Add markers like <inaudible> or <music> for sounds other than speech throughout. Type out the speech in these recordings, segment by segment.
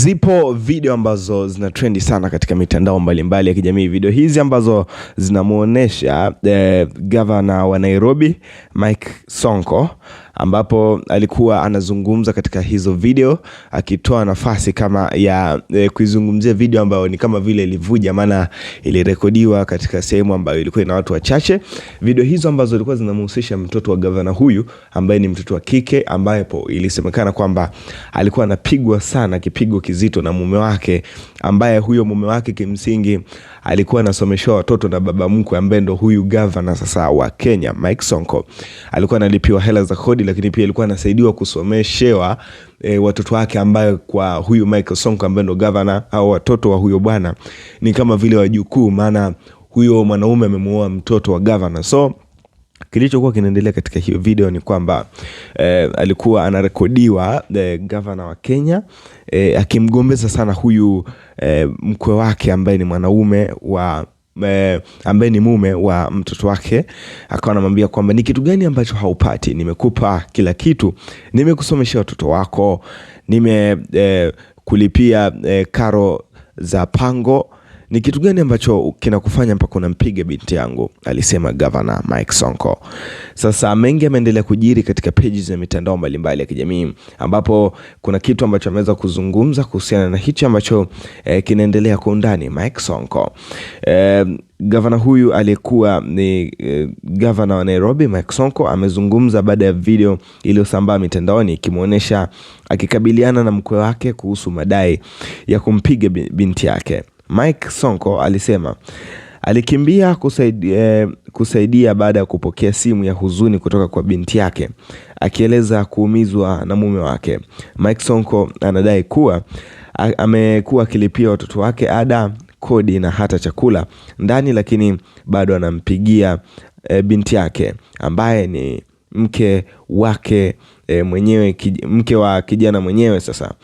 Zipo video ambazo zina trendi sana katika mitandao mbalimbali mbali ya kijamii. Video hizi ambazo zinamuonesha eh, gavana wa Nairobi Mike Sonko ambapo alikuwa anazungumza katika hizo video akitoa nafasi kama ya e, kuizungumzia video ambayo ni kama vile ilivuja, maana ilirekodiwa katika sehemu ambayo ilikuwa ina watu wachache. Video hizo ambazo zilikuwa zinamhusisha mtoto wa gavana huyu ambaye ni mtoto wa kike, ambapo ilisemekana kwamba alikuwa anapigwa sana kipigo kizito na mume wake, ambaye huyo mume wake kimsingi alikuwa anasomeshwa watoto na baba mkwe ambaye ndo huyu gavana sasa wa Kenya Mike Sonko, alikuwa analipiwa hela za kodi lakini pia alikuwa anasaidiwa kusomeshewa e, watoto wake ambayo kwa huyu Michael Sonko ambaye ndo gavana au watoto wa huyo bwana ni kama vile wajukuu, maana huyo mwanaume amemuoa mtoto wa gavana. So kilichokuwa kinaendelea katika hiyo video ni kwamba eh, alikuwa anarekodiwa eh, gavana wa Kenya eh, akimgombeza sana huyu eh, mkwe wake ambaye ni mwanaume wa Eh, ambaye ni mume wa mtoto wake akawa anamwambia kwamba ni kitu gani ambacho haupati? Nimekupa kila kitu, nimekusomesha watoto wako, nimekulipia eh, eh, karo za pango ni kitu gani ambacho kinakufanya mpaka unampiga binti yangu? Alisema Gavana Mike Sonko. Sasa mengi ameendelea kujiri katika pages za mitandao mbalimbali ya kijamii, ambapo kuna kitu ambacho ameweza kuzungumza kuhusiana na hichi ambacho eh, kinaendelea kwa undani Mike Sonko eh, Gavana huyu aliyekuwa ni eh, gavana wa Nairobi Mike Sonko amezungumza baada ya video iliyosambaa mitandaoni ikimwonyesha akikabiliana na mkwe wake kuhusu madai ya kumpiga binti yake. Mike Sonko alisema alikimbia kusaidia, eh, kusaidia baada ya kupokea simu ya huzuni kutoka kwa binti yake akieleza kuumizwa na mume wake. Mike Sonko anadai kuwa amekuwa akilipia watoto wake ada, kodi na hata chakula ndani, lakini bado anampigia e, binti yake ambaye ni mke wake e, mwenyewe kij, mke wa kijana mwenyewe. Sasa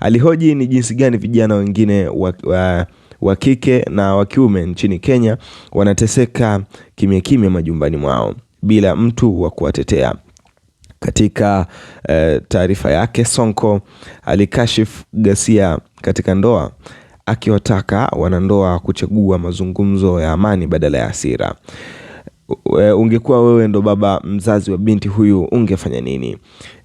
alihoji ni jinsi gani vijana wengine wa, wa, wa kike na wa kiume nchini Kenya wanateseka kimya kimya majumbani mwao bila mtu wa kuwatetea. Katika e, taarifa yake Sonko alikashifu ghasia katika ndoa akiwataka wanandoa kuchagua mazungumzo ya amani badala ya hasira ungekuwa wewe ndo baba mzazi wa binti huyu ungefanya nini?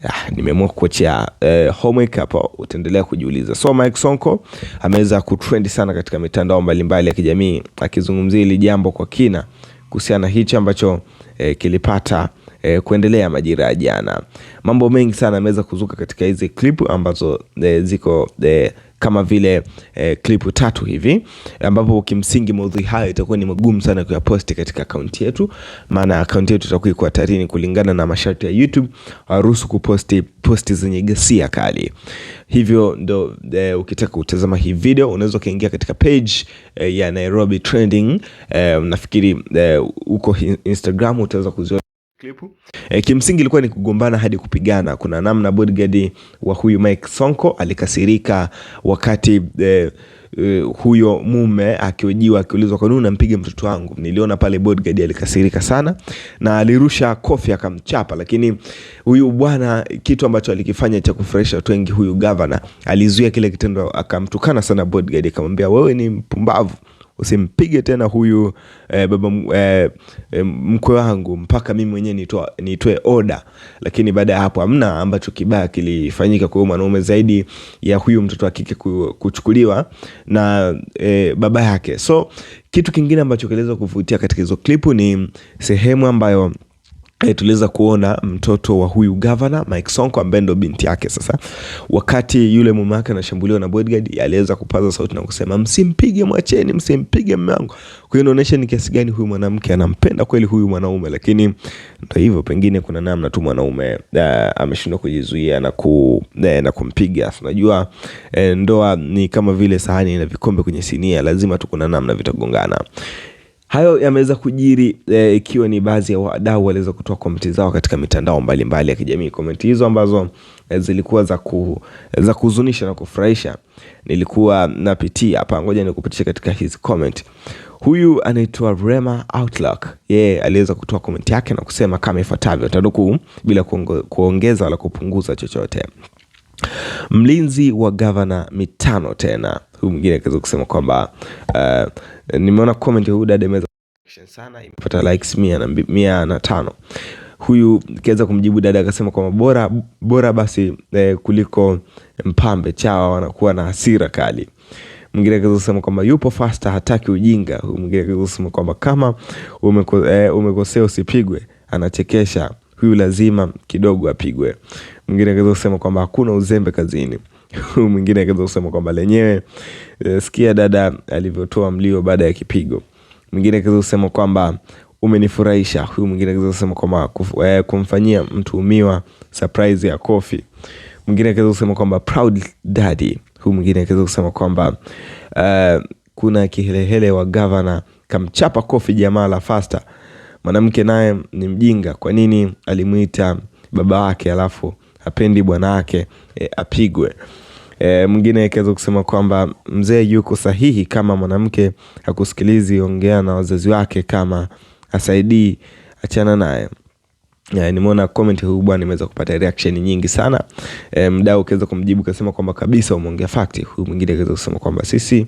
Ah, nimeamua kuachia eh, homework hapo, utaendelea kujiuliza. So Mike Sonko ameweza kutrend sana katika mitandao mbalimbali ya kijamii akizungumzia hili jambo kwa kina kuhusiana hichi ambacho eh, kilipata e, kuendelea majira ya jana. Mambo mengi sana yameweza kuzuka katika hizi clip ambazo e, ziko e, kama vile eh, klipu tatu hivi ambapo kimsingi maudhui hayo itakuwa ni magumu sana kuyaposti katika akaunti yetu, maana akaunti yetu itakuwa iko hatarini kulingana na masharti ya YouTube, haruhusu kuposti posti zenye ghasia kali. Hivyo ndo eh, ukitaka kutazama hii video unaweza ukaingia katika page eh, ya Nairobi Trending eh, nafikiri eh, uko Instagram utaweza kuziona. Klipu. E, eh, kimsingi ilikuwa ni kugombana hadi kupigana. Kuna namna bodyguard wa huyu Mike Sonko alikasirika wakati e, e, huyo mume akiojiwa akiulizwa kwa nini unampiga mtoto wangu. Niliona pale bodyguard alikasirika sana na alirusha kofi akamchapa, lakini huyu bwana kitu ambacho alikifanya cha kufurahisha watu wengi, huyu governor alizuia kile kitendo, akamtukana sana bodyguard, akamwambia wewe ni mpumbavu. Usimpige tena huyu eh, baba eh, eh, mkwe wangu mpaka mimi mwenyewe nitoe oda. Lakini baada ya hapo hamna ambacho kibaya kilifanyika kwa huyu mwanaume zaidi ya huyu mtoto wa kike kuchukuliwa na eh, baba yake. So kitu kingine ambacho kiliweza kuvutia katika hizo klipu ni sehemu ambayo E, tuliweza kuona mtoto wa huyu gavana Mike Sonko ambaye ndo binti yake. Sasa wakati yule mume wake anashambuliwa na bodyguard, aliweza kupaza sauti na kusema msimpige, mwacheni, msimpige mume wangu. Kwa hiyo inaonyesha ni kiasi gani huyu mwanamke anampenda kweli huyu mwanaume, lakini ndio hivyo, pengine kuna namna tu mwanaume eh, ameshindwa kujizuia na, ku, eh, na kumpiga. Unajua eh, ndoa ni kama vile sahani na vikombe kwenye sinia, lazima tu kuna namna vitagongana. Hayo yameweza kujiri eh, ikiwa e, ni baadhi ya wadau waliweza kutoa komenti zao katika mitandao mbalimbali mbali ya kijamii. Komenti hizo ambazo e, zilikuwa za ku, za kuhuzunisha na kufurahisha nilikuwa napitia hapa, ngoja nikupitisha katika hizi comment. Huyu anaitwa Rema Outlook yeye, yeah, aliweza kutoa komenti yake na kusema kama ifuatavyo, tanukuu bila kuongeza wala kupunguza chochote. Mlinzi wa gavana mitano tena. Huyu mwingine akaweza kusema kwamba uh, nimeona comment huyu dada imeweza sana, imepata likes mia na, mia na tano. Huyu kaweza kumjibu dada akasema kwamba bora, bora basi eh, kuliko mpambe chawa wanakuwa na hasira kali. Mwingine akaweza kusema kwamba yupo faster hataki ujinga. Huyu mwingine akaweza kusema kwamba kama umekosea eh, umekosea usipigwe, anachekesha huyu lazima kidogo apigwe. Mwingine akaweza kusema kwamba hakuna uzembe kazini. <laughs> Huyu mwingine akaweza kusema kwamba lenyewe, eh, sikia dada alivyotoa mlio baada ya kipigo. Mwingine akaweza kusema kwamba umenifurahisha. Huyu mwingine akaweza kusema kwamba eh, kumfanyia mtu umiwa surprise ya kofi. Mwingine akaweza kusema kwamba proud daddy. Huyu mwingine akaweza kusema kwamba uh, kuna kihelehele wa governor kamchapa kofi jamaa la faster. Mwanamke naye ni mjinga, kwa nini alimuita baba wake alafu hapendi bwana wake e, apigwe? E, mwingine akaweza kusema kwamba mzee yuko sahihi kama mwanamke hakusikilizi, ongea na wazazi wake, kama asaidii achana naye. Yeah, nimeona comment huu bwana, nimeweza kupata reaction nyingi sana. E, mdau kaweza kumjibu kasema kwamba kabisa umeongea fact. Huyu mwingine kaweza kusema kwamba sisi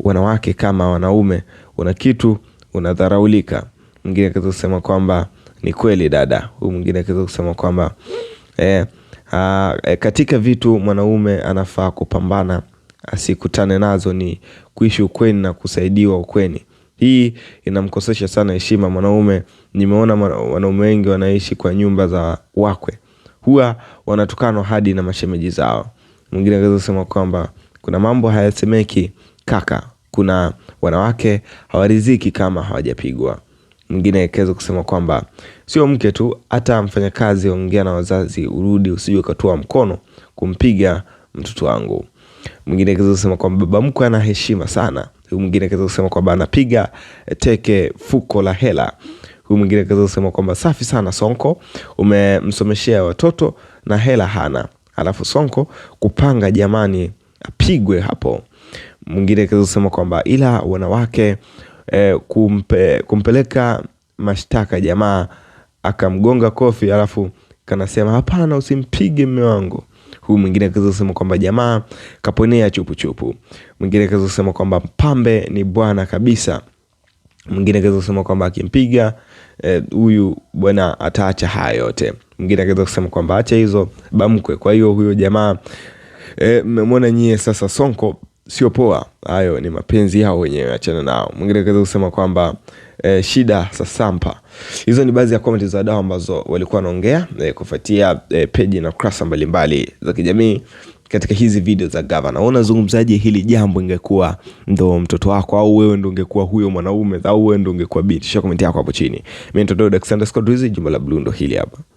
wanawake kama wanaume, una kitu unadharaulika mwingine akaweza kusema kwamba ni kweli dada, huyu mwingine akaweza kusema kwamba eh, ah, eh, katika vitu mwanaume anafaa kupambana asikutane nazo ni kuishi ukweni na kusaidiwa ukweni. Hii inamkosesha sana heshima mwanaume. Nimeona wanaume wengi wanaishi kwa nyumba za wakwe, huwa wanatukanwa hadi na mashemeji zao. Mwingine akaweza kusema kwamba kuna mambo hayasemeki kaka, kuna wanawake hawariziki kama hawajapigwa mwingine akaweza kusema kwamba sio mke tu, hata mfanyakazi, ongea na wazazi, urudi, usije ukatua mkono kumpiga mtoto wangu. Mwingine akaweza kusema kwamba baba mkwe ana heshima sana. Huyu mwingine akaweza kusema kwamba anapiga eh, teke fuko la hela. Huyu mwingine akaweza kusema kwamba safi sana Sonko, umemsomeshea watoto na hela hana. Alafu Sonko kupanga, jamani, apigwe hapo. Mwingine akaweza kusema kwamba ila wanawake eh, kumpe, kumpeleka mashtaka jamaa akamgonga kofi, alafu kanasema hapana, usimpige mme wangu huyu. Mwingine akaweza kusema kwamba jamaa kaponea chupuchupu. Mwingine akaweza kusema kwamba mpambe ni bwana kabisa. Mwingine akaweza kusema kwamba akimpiga eh, huyu e, bwana ataacha haya yote. Mwingine akaweza kusema kwamba acha hizo bamkwe. Kwa hiyo huyo jamaa eh, mmemwona nyie sasa Sonko sio poa. Hayo ni mapenzi yao wenyewe, achana nao. Mwingine kaweza kusema kwamba e, shida sampa. Hizo ni baadhi ya komenti za wadau ambazo walikuwa wanaongea e, kufuatia eh, e, peji na kurasa mbalimbali za kijamii katika hizi video za gavana. Wewe unazungumzaje hili jambo? Ingekuwa ndo mtoto wako au wewe ndo ungekuwa huyo mwanaume au wewe ndo ungekuwa binti? Shika komenti yako hapo chini. Mimi ndo Daxander Scott Rizzi, jumba la blue ndo hili hapa.